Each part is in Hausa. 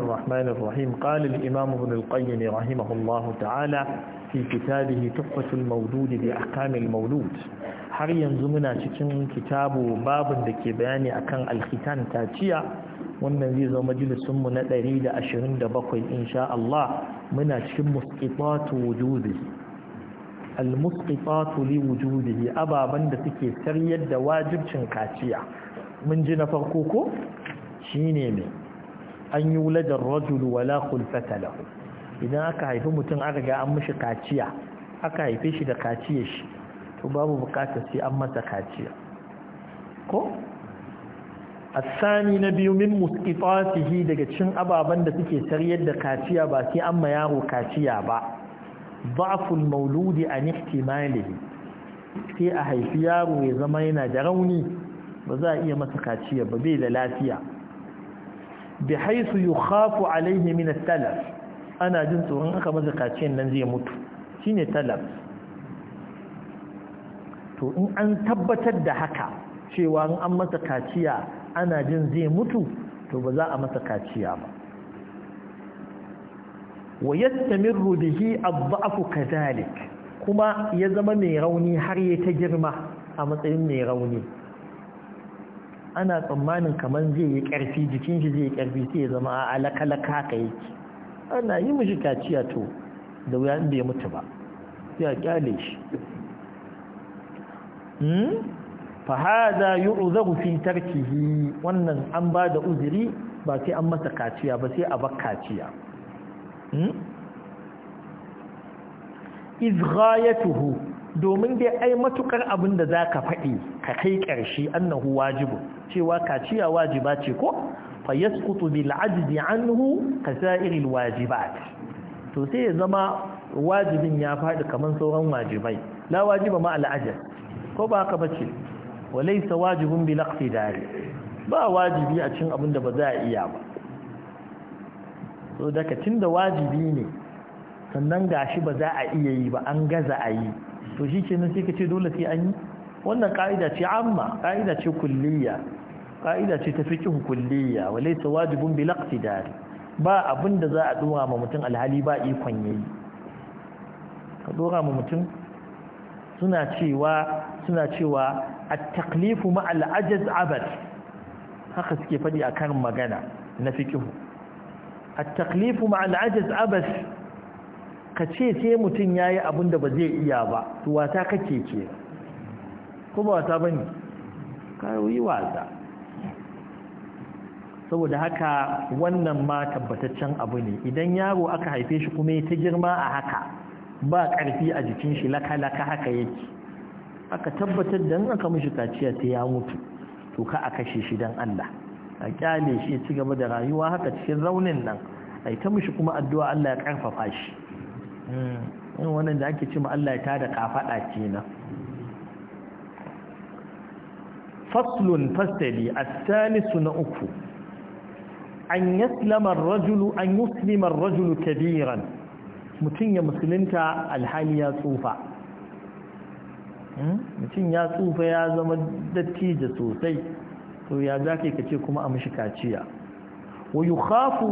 الرحمن الرحيم قال الإمام ابن القيم رحمه الله تعالى في كتابه تحفة المولود بأحكام المولود har yanzu muna cikin kitabu babin da ke bayani akan alkhitan taciya wannan zai zama majalisun mu na 127 insha Allah muna cikin musqitatu wujudi almusqitatu li wujudi ababan da suke saryar da wajibcin kaciya mun ji na farko ko shine ne an yi wuladar rajulu wala kulfata lahu idan aka haifi mutum aka ga an mishi kaciya aka haife shi da kaciya shi to babu bukatar sai an masa kaciya ko asani na biyu min musqitatihi daga cin ababen da suke sariyar da kaciya ba sai an ma yaro kaciya ba Baful mauludi an ihtimalihi sai a haifi yaro ya zama yana da rauni ba za a iya masa kaciya ba bai da lafiya bi haisu khafu alaihi min talaf ana jin tsoron aka masa nan zai mutu ne talaf to in an tabbatar da haka cewa an masa kaciya ana jin zai mutu to ba za a masa kaciya ba wa yastamirru bihi ad-da'fu kadhalik kuma ya zama mai rauni har ya ta girma a matsayin mai rauni ana tsammanin kamar zai yi ƙarfi jikin shi zai yi ƙarfi sai ya zama a alakalaka ka yake ana yi mishi kaciya to da wuya inda ya mutu ba sai a kyale shi hmm? fahada yi uzaru fi tarkihi wannan an ba da uziri ba sai an masa kaciya ba sai a ba kaciya hmm? izghayatuhu domin dai ai matukar abin da za ka faɗi ka kai ƙarshe annahu wajibu cewa kaciya wajiba ce ko fa yasqutu bil ajzi anhu kasa'iril wajibat to sai ya zama wajibin ya faɗi kaman sauran wajibai la wajiba ma al ajr ko ba ka bace walaysa wajibun bil iqtidari ba wajibi a cikin abin da ba za a iya ba so daga tunda wajibi ne sannan gashi ba za a iya yi ba an gaza a yi to shi ke nan sai ka ce dole sai an yi wannan ka'ida ce amma ka'ida ce kulliya ka'ida ce ta fiqh kulliya wa laysa wajibun bil iqtidar ba abinda za a dora ma mutum alhali ba ikon yayi ka dora ma mutum suna cewa suna cewa at-taklifu ma ajaz abad haka suke fadi akan magana na fiqh at-taklifu ma al-ajaz abad kace sai mutum yayi abinda ba zai iya ba to wata kake kenan ko ba wata bane yi wasa saboda haka wannan ma tabbataccen abu ne idan yaro aka haife shi kuma ya ta girma a haka ba karfi a jikin shi laka-laka haka yake aka tabbatar da aka mishi kaciya ta ya mutu to ka a kashe shi don Allah a kyale shi ci gaba da rayuwa haka cikin raunin nan a ta mishi kuma addu'a Allah ya karfafa shi hmm. wannan da ake ce ma Allah ya tada kafaɗa kenan faslun fasali الثالث na uku an yaslama rajulu an yuslima rajulu kabiran mutum ya musulinta alhali ya tsufa hmm? mutum ya tsufa ya zama dattija sosai to ya zaka kace kuma a mishi kaciya wa ya khafu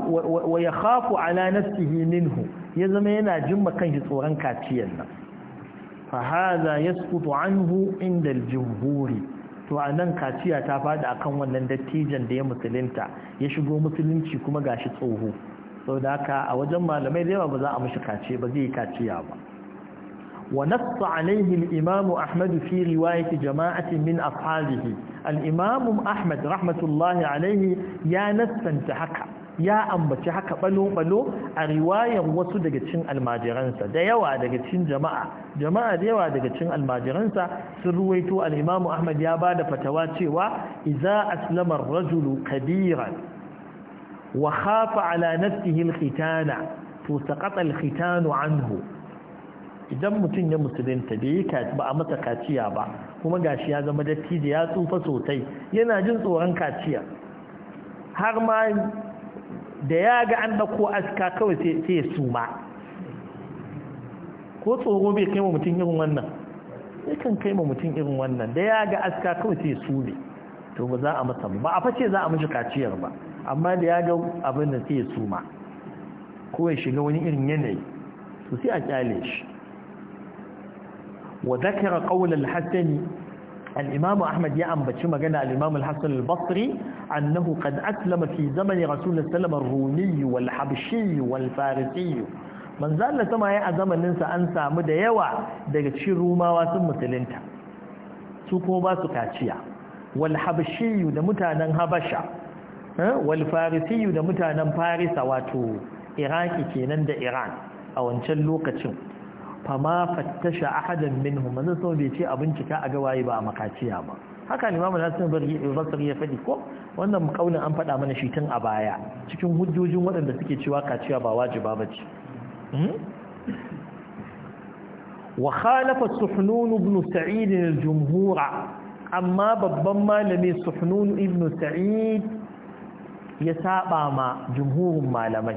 yakhafu ala nafsihi minhu ya zama yana jimma shi tsoron kaciyar nan fa hadha yasqutu anhu inda al to a nan kaciya ta faɗi akan wannan dattijan da ya musulunta ya shigo musulunci kuma gashi tsoho sau da haka a wajen malamai da yawa ba za a mashi kace ba zai yi kaciya ba wa nassa alaihi al-imam ahmad fi riwayati jama'ati min ashabihi al-imam ahmad rahmatullahi alaihi ya nasanta haka ya ambaci haka balo-balo a riwayan wasu daga cin almajiransa da yawa daga cin jama'a jama'a da yawa daga cin almajiransa sun ruwaito al'imamu ahmad ya ba da fatawa cewa iza aslamar rajulu kabiran wa hafa ala nafsihi hitana to saqata alkhitanu anhu idan mutum ya musulunta da yi ba a masa kaciya ba kuma gashi ya zama dattijo ya tsufa sosai yana jin tsoron kaciya har ma da ya ga an ɗauko aska kawai sai ya suma ko tsoro bai kai wa mutum irin wannan yakan kai ma mutum irin wannan da ya ga aska kawai sai ya sume to ba za a masa ba a face za a mashi kaciyar ba amma da ya ga abin da sai ya suma ko ya shiga wani irin yanayi to sai a kyale shi wa zakara ƙaunar hasani al Ahmad ya ambaci magana al-Imam al basri annahu kan aslama fi zamani Rasulullah sallallahu alaihi wasallam wal habshi wal farisi manzo Allah a zamanin an samu da yawa daga cikin Rumawa sun musulunta su kuma ba su kaciya wal da mutanen Habasha wal da mutanen Farisa wato Iraki kenan da Iran a wancan lokacin fama fattasha ahadan minhum manzon sama bai ce a ka a ga waye ba a makaciya ba haka ne mamu nasu basri ya faɗi ko wannan kaunin an faɗa mana shi tun a baya cikin hujjojin waɗanda suke cewa kaciya ba wajiba ba ce hmm? wa khalafa suhnun ibn sa'id al-jumhura amma babban malami suhnun ibn sa'id ya saba ma jumhurin malamai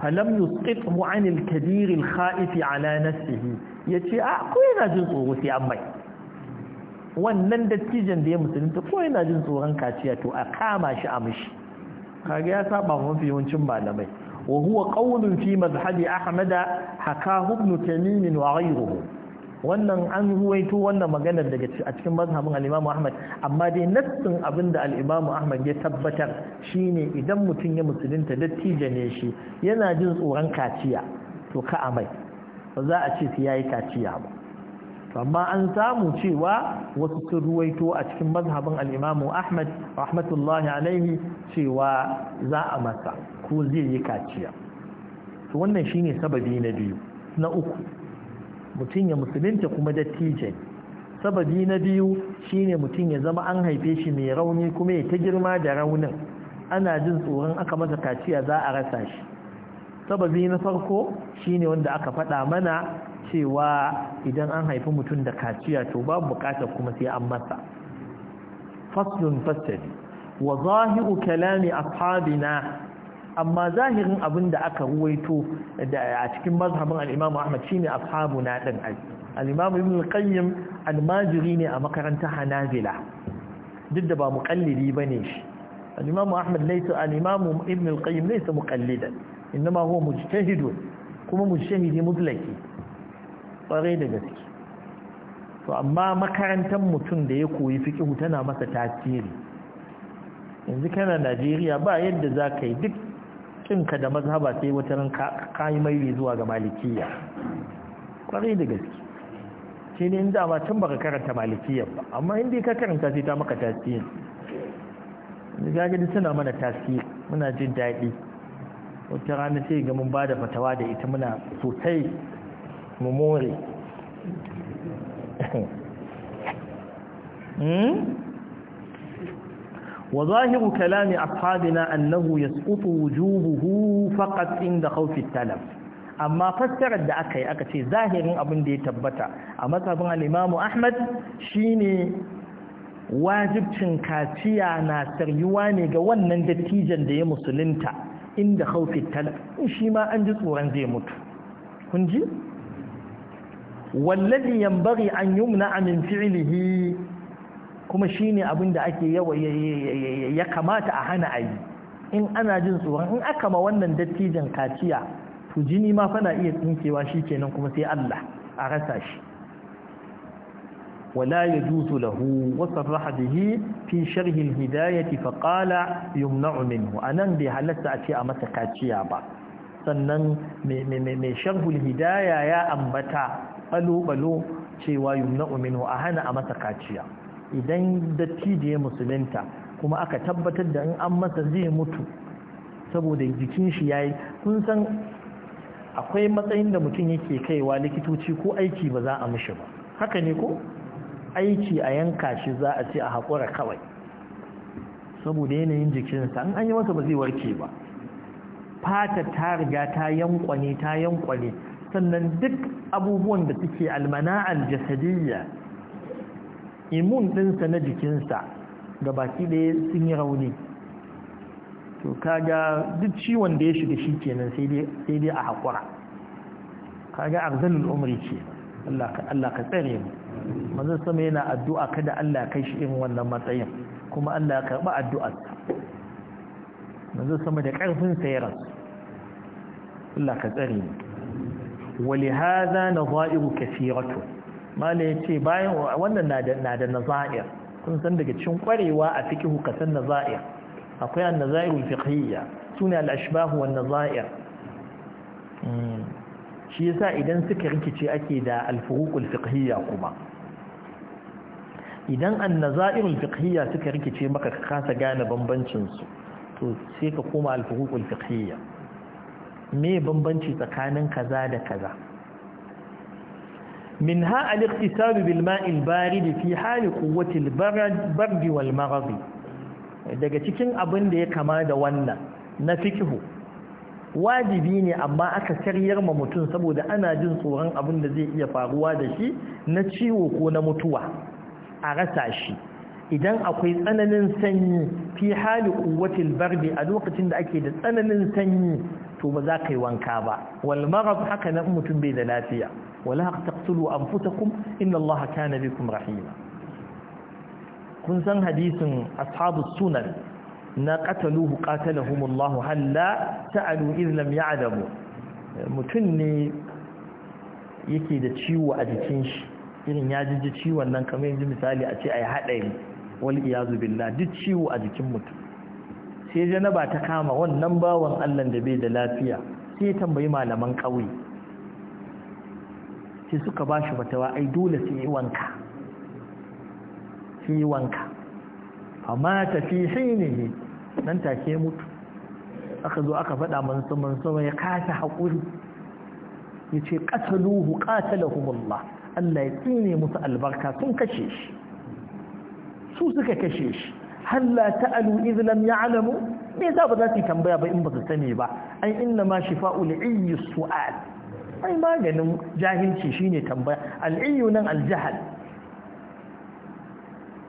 falam yusqithu 'an al kadir al-kha'if 'ala nafsihi yace a ko yana jin tsoro sai an mai wannan dattijan da ya musulunta ko yana jin tsoron kaciya to a kama shi a mishi kaga ya saba mafi yawancin malamai wa huwa qawlun fi mazhabi ahmada hakahu ibn tamim wa ghayruhu wannan an ruwaito wannan maganar daga a cikin mazhabin al-Imam Ahmad amma dai nassin abinda al-Imam Ahmad ya tabbatar shine idan mutum ya musulunta dattijo ne shi yana jin tsoron kaciya to ka amai ba za a ce sai yayi kaciya ba amma an samu cewa wasu sun ruwaito a cikin mazhabin al-Imam Ahmad rahmatullahi alaihi cewa za a masa ko zai yi kaciya to wannan shine sababi na biyu na uku mutum ya musulunta kuma dattijai sababi na biyu shine mutum ya zama an haife shi mai rauni kuma ya ta girma da raunin ana jin tsoron aka masa kaciya za a rasa shi sababi na farko shine wanda aka faɗa mana cewa idan an haifi mutum da kaciya to babu buƙatar kuma sai an masa faslun fasali wa zahiru kalami ashabina amma zahirin abin da aka ruwaito a cikin mazhabin al'imamu ahmad shine ashabu na ɗin al'imamu ibn qayyim almajiri ne a makaranta hanabila duk da ba muqallidi bane shi al'imamu ahmad laysa al'imamu ibn qayyim laysa muqallidan inma huwa mujtahid kuma mujtahidi mutlaki kware da gaske to amma makarantar mutum da ya koyi fiqh tana masa tasiri yanzu kana Najeriya ba yadda za ka yi duk ka da mazhaba sai wata ran ka yi mai zuwa ga malikiya kwarai da gaske shi ne inda ma can baka karanta malikiya ba amma inda ka karanta sai ta maka tasiri gagadi suna mana tasiri muna jin daɗi wata rana sai ga mun ba da fatawa da ita muna sosai mu more hmm? وظاهر كلام أصحابنا أنه يسقط وجوبه فقط عند خوف التلف amma fassarar da aka yi aka ce zahirin abin da ya tabbata a matsabin al’imamu ahmad shine wajibcin kaciya na sarriwa ne ga wannan dattijan da ya musulunta inda haufi talabin shi ma an ji tsoron zai mutu kunji? wallazi bari an yi muna amin fi'ilihi kuma shi ne abin da ake yawa ya kamata a hana ayi. in ana jin tsoron in aka ma wannan dattijan kaciya to jini ma fana iya tsinkewa shi kenan kuma sai Allah a rasa shi ولا يجوز hidayati وصرح به في شرح الهداية فقال يمنع a ce a masa kaciya ba. sannan mai sharhul hidaya ya ambata balo-balo cewa yumna'u minhu a hana a masa kaciya idan datti da ya musulunta kuma aka tabbatar da in an masa zai mutu saboda jikin shi ya yi. kun san akwai matsayin da mutum yake kaiwa likitoci ko aiki ba za a mishi ba haka ne ko aiki a yanka shi za a ce a haƙura kawai saboda yanayin jikinsa in an yi masa ba zai warke ba fata ta riga ta yankwane ta yankwane sannan duk abubuwan da suke almana aljasadiyya imun ɗinsa na jikinsa ga baki ɗaya sun yi rauni to kaga duk ciwon da ya shiga shi kenan sai dai a haƙura kaga arzalin umri ce Allah ka tsare mu manzon sama yana addu'a kada Allah kai shi irin wannan matsayin kuma Allah ya karɓi addu'arsa manzon sama da ƙarfin sa ya rasu Allah ka tsare mu ولهذا نظائر كثيرة mala ya ce bayan wannan na da naza'ir kun san daga cikin kwarewa a fikihu kasan naza'ir akwai an naza'irul fiqhiyya sune al-ashbahu naza'ir hmm. shi yasa idan suka rikice ake da al-furuqul fiqhiyya kuma idan an naza'irul fiqhiyya suka rikice maka ka kasa gane bambancin su to sai ka koma al-furuqul fiqhiyya me bambanci tsakanin kaza da kaza منها الاغتسال بالماء البارد في حال قوة البرد والمرض daga cikin abin da ya kama da wannan na fikihu wajibi ne amma aka karyar ma mutum saboda ana jin tsoron abin da zai iya faruwa da shi na ciwo ko na mutuwa a rasa shi idan akwai tsananin sanyi fi hali kuwatil bardi a lokacin da ake da tsananin sanyi to ba za ka yi wanka ba wal marad haka nan mutum bai da lafiya wala taqtulu anfusakum inna kana bikum rahima kun san hadisin ashabu sunan na qataluhu qatalahum allah halla sa'alu idh lam ya'lamu mutun ne yake da ciwo a jikin shi irin ya ji ji ciwon nan kamar yanzu misali a ce ai hadari wal iyazu billah duk ciwo a jikin mutum sai janaba ta kama wannan bawan Allah da bai da lafiya sai tambayi malaman kauye sai suka ba shi fatawa ai dole sun yi wanka sun yi wanka amma tafi ne nan take mutu aka zo aka faɗa mansu mansu ya kasa haƙuri ya ce ƙasaluhu ƙasalahumullah Allah ya tsine musu albarka sun kashe shi su suka kashe shi halla ta'alu idh lam ya'lamu me za ba za su tambaya ba in ba su sani ba an inna ma shifa'u li'iyyi su'al ai maganin jahilci shine tambaya al'iyu nan aljahal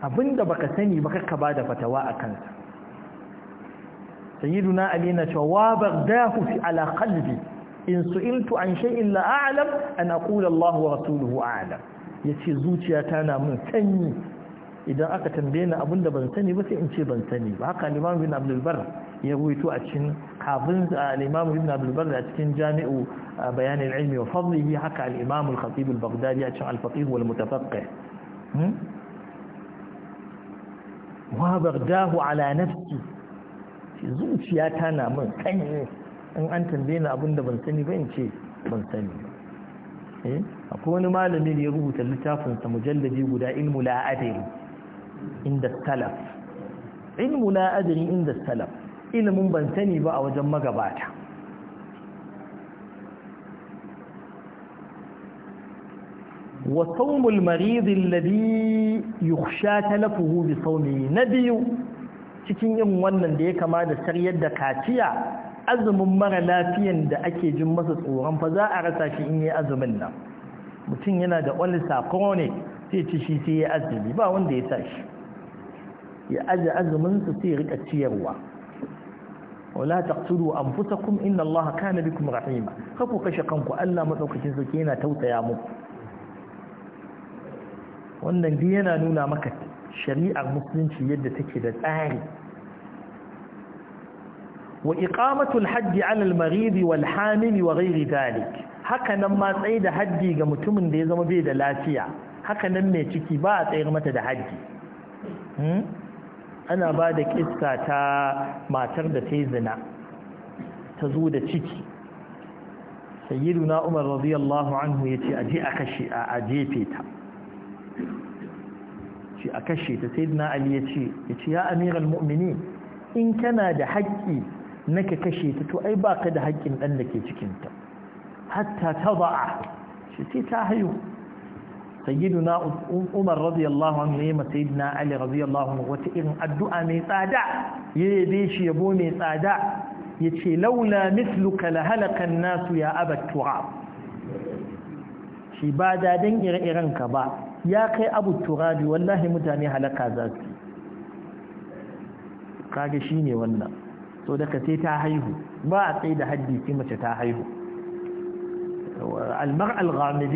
abinda baka sani baka ka bada fatawa a kansa sayyiduna ali na cewa wa baghdahu fi ala qalbi in su'iltu an shay'in la a'lam an aqula Allah wa rasuluhu a'lam yace zuciyata na mun sanyi idan aka tambaye ni abinda ban sani ba sai in ce ban sani ba haka Imam bin Abdul Barr ya ruwaito a cikin kafin al-imam ibn abdul a cikin jami'u bayan al-ilmi wa fadlihi haka al-imam al-khatib al-baghdadi a cikin al-faqih wal mutafaqqih hmm? wa baghdahu ala nafsi zuciya ta na min sanyi in an tambaye ni abin da ban sani ba in ce ban sani eh akwai wani malami da ya rubuta littafin sa mujalladi guda ilmu la adri inda salaf ilmu la adri inda salaf ilimin ban sani ba a wajen magabata wa saumul maridin labi yukhsha talafuhu bi saumi na biyu cikin yin wannan da ya kama da sariyar da kaciya azumin mara lafiyan da ake jin masa tsoron fa za a rasa shi in yi azumin nan mutum yana da olisa chronic sai ci shi sai ya azumi ba wanda ya sa shi ya aje azumin su sai rika ciyarwa wala taqtulu anfusakum inna allaha kana bikum rahima kaku kashe kanku Allah madaukakin sarki yana tausaya muku wannan duk yana nuna maka shari'ar musulunci yadda take da tsari wa iqamatul hajji 'ala al-marid wal hamil wa ghayri dhalik haka nan ma tsaye da hajji ga mutumin da ya zama bai da lafiya haka nan mai ciki ba a tsayar mata da hajji ana ba da ƙiska ta matar da ta yi zina ta zo da ciki na umar radiyallahu anhu ya ce aje a kashe a jefe ta ce a kashe ta ali ya ce ya ce ya mu'mini in kana da haƙƙi na ka kashe ta to ai baka da haƙƙin ɗan da ke cikinta hatta ta ba'a ce ta haihu na umar radiyallahu anhu yayi ma sayyidina ali radiyallahu anhu wata irin addu'a mai tsada ya yabe shi yabo mai tsada yace laula mithluka la halaka an-nas ya abat turab shi ba da dan ire-iren ka ba ya kai abu turabi wallahi mutane halaka za su kage shine wannan so daga sai ta haihu ba a tsaye da haddi sai mace ta haihu المرأة al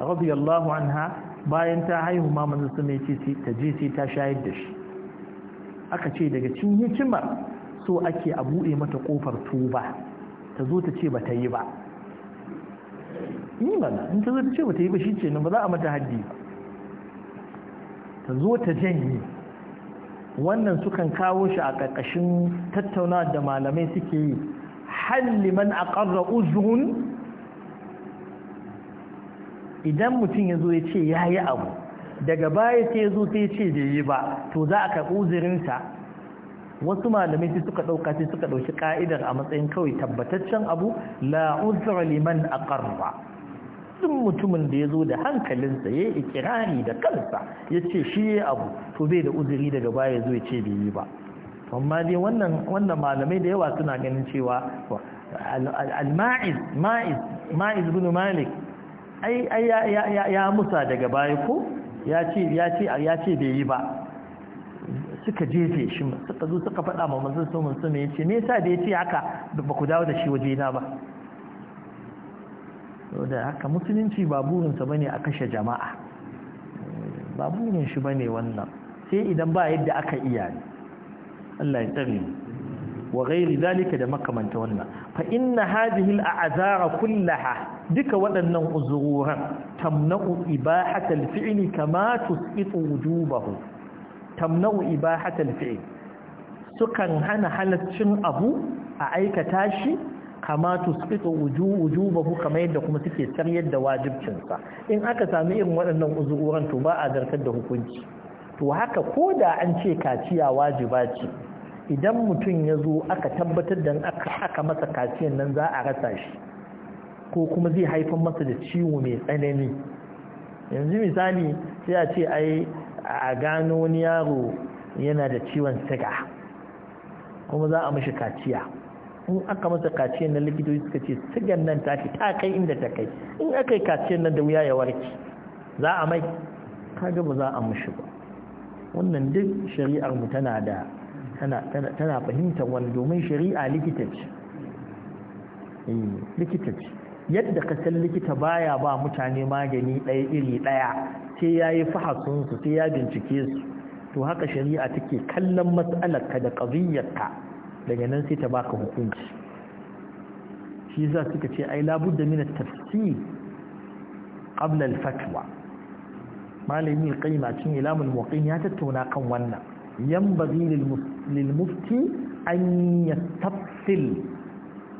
رضي الله anha bayan ta haihu ma manzo sun ce ta je sai ta shayar da shi aka ce daga cikin hikimar so ake a buɗe mata kofar tuba ta zo ta ce ba ta yi ba yi mana in ta zo ta ce ba ta yi ba shi ce ba za a mata haddi ba ta zo ta janye wannan sukan kawo shi a ƙarƙashin tattauna da malamai suke yi halli man ƙarra uzrun idan mutum ya zo ya ce ya yi abu daga baya sai ya zo sai ya ce bai yi ba to za a karɓi sa wasu malamai sai suka ɗauka sai suka ɗauki ƙa'idar a matsayin kawai tabbataccen abu la uzra liman aqarra sun mutumin da ya zo da hankalinsa ya yi ikirari da kansa ya ce shi ya abu to bai da uzuri daga baya zo ya ce bai yi ba amma dai wannan wannan malamai da yawa suna ganin cewa al-ma'iz ma'iz ma'iz ibn malik ai ai ya ya musa daga baya ko ya ce ya ce ya ce bai yi ba suka jefe shi suka zo suka faɗa ma manzon so mun sun yace me yasa da yace haka ba ku dawo da shi waje na ba da haka musulunci ba sa bane a kashe jama'a ba burin shi bane wannan sai idan ba yadda aka iya Allah ya tsare mu wa ghairi zalika da makamanta wannan fa inna hadhihi al-a'zara kullaha duka waɗannan uzururan tamna'u ibahatal fi'li kama tusqitu wujubahu tamna'u ibahatal fi'li sukan hana halaccin abu a aikata shi kama tusqitu wujubahu kamar yadda kuma suke saryar da wajibcin sa in aka sami irin waɗannan uzuran to ba a zartar da hukunci to haka koda an ce kaciya wajiba ce idan mutum ya zo aka tabbatar da aka masa kaciyan nan za a rasa shi ko kuma zai haifar masa da ciwo mai tsanani yanzu misali sai a ce ai a gano wani yaro yana da ciwon siga kuma za a mashi kaciya in aka masa kaciya na likitoci suka ce sigan nan ta ta kai inda ta kai in aka yi kaciyar nan da wuya ya warke za a mai kaga ba za a mashi ba wannan duk shari'ar mu tana da tana fahimtar wani domin shari'a likitaci yadda ka san likita baya ba mutane magani ɗaya iri ɗaya sai ya yi fahasunsu sai ya bincike su to haka shari'a take kallon matsalarka da ƙaziyyarka daga nan sai ta baka hukunci shi za suka ce ai labudda min tafsir qabla fatwa malami qaima cin ilamul muqin ya tattauna kan wannan yanbaghi lil mufti an yastafsil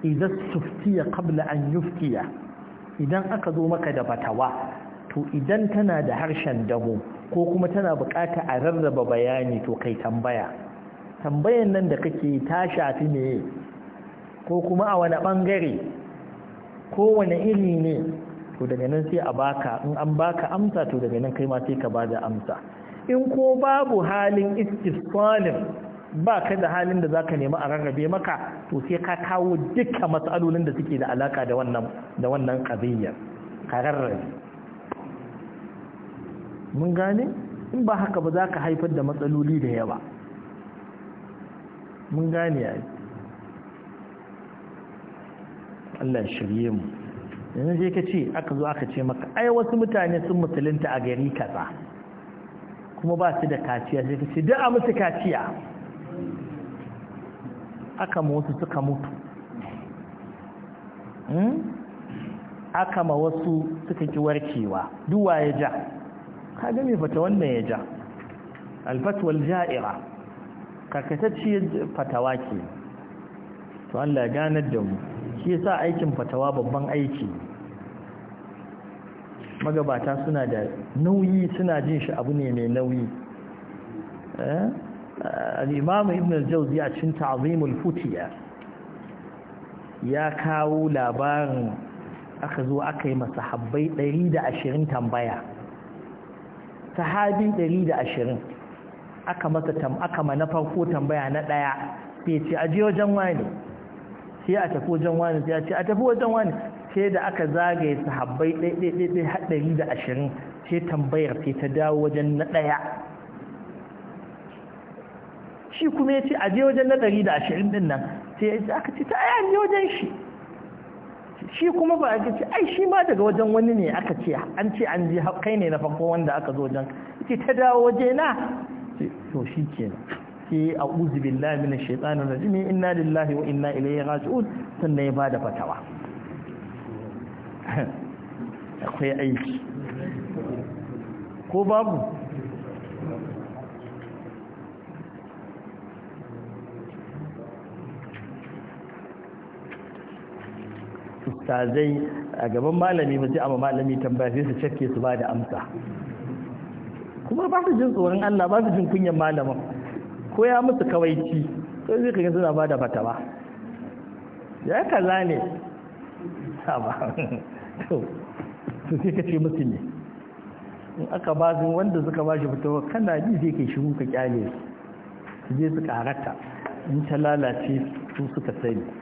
idan suftiya qabla an yuftiya idan aka zo maka da batawa to idan tana da harshen dabo ko kuma tana bukata a rarraba bayani to kai tambaya tambayan nan da kake ta shafi ne ko kuma a wani bangare ko wani iri ne to daga nan sai a baka in an baka amsa to daga nan kai ma sai ka bada amsa in ko babu halin istifsalin ba ka da halin da za ka nemi a rarrabe maka to sai ka kawo duka matsalolin da suke da alaka da wannan da wannan ƙabiyyar ka rarrabe mun gane in ba haka ba za ka haifar da matsaloli da yawa mun gane ya Allah shirye mu yanzu sai ka ce aka zo aka ce maka ai wasu mutane sun musulunta a gari kaza kuma ba su da kaciya sai ka ce duk a musu kaciya aka wasu suka mutu hmm? aka ma wasu suka ki warkewa duwa ya ja kaga mai fata wannan ya ja alfatwal ja'ira karkatacciyar fatawa ke to Allah ganar da mu shi yasa aikin fatawa babban aiki magabata suna da nauyi suna jin shi abu ne mai nauyi eh? al'imam ibn al-jauzi a cin ta'azimul futiya ya kawo labarin aka zo aka yi masa habbai 120 tambaya sahabi 120 aka masa tam aka mana farko tambaya na daya sai ce aje wajen wani sai a tafi wajen wani sai a ce a tafi wajen wani sai da aka zagaye sahabbai 120 sai tambayar sai ta dawo wajen na daya shi kuma ya ce a je wajen na ɗari da ashirin ɗin nan sai ya ce aka ce ta aya ne wajen shi shi kuma ba aka ce ai shi ma daga wajen wani ne aka ce an ce an je kai ne na farko wanda aka zo wajen ce ta dawo waje na to shi kenan ke a uzu billahi min shaitanin rajim inna lillahi wa inna ilaihi raji'un sannan ya bada fatawa akwai aiki ko babu ustazai a gaban malami ba sai amma malami tambaya sai su cakke su ba da amsa kuma ba su jin tsoron Allah ba su jin kunyan malamin ko ya musu kawaici ko zai kaga suna ba da ba ya kaza ne ba to sai kace musu ne in aka ba su wanda suka ba shi fitowa kana ji zai kai shiru ka kyale su je su karata in ta lalace su suka sani